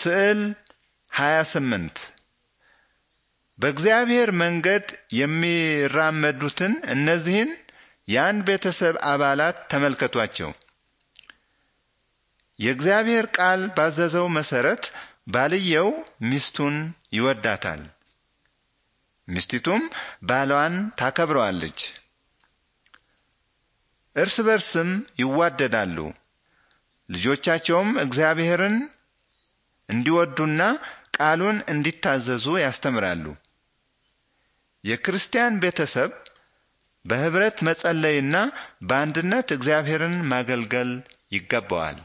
ስዕል 28 በእግዚአብሔር መንገድ የሚራመዱትን እነዚህን የአንድ ቤተሰብ አባላት ተመልከቷቸው። የእግዚአብሔር ቃል ባዘዘው መሰረት ባልየው ሚስቱን ይወዳታል፣ ሚስቲቱም ባሏን ታከብረዋለች። እርስ በርስም ይዋደዳሉ። ልጆቻቸውም እግዚአብሔርን እንዲወዱና ቃሉን እንዲታዘዙ ያስተምራሉ። የክርስቲያን ቤተሰብ በህብረት መጸለይና በአንድነት እግዚአብሔርን ማገልገል ይገባዋል።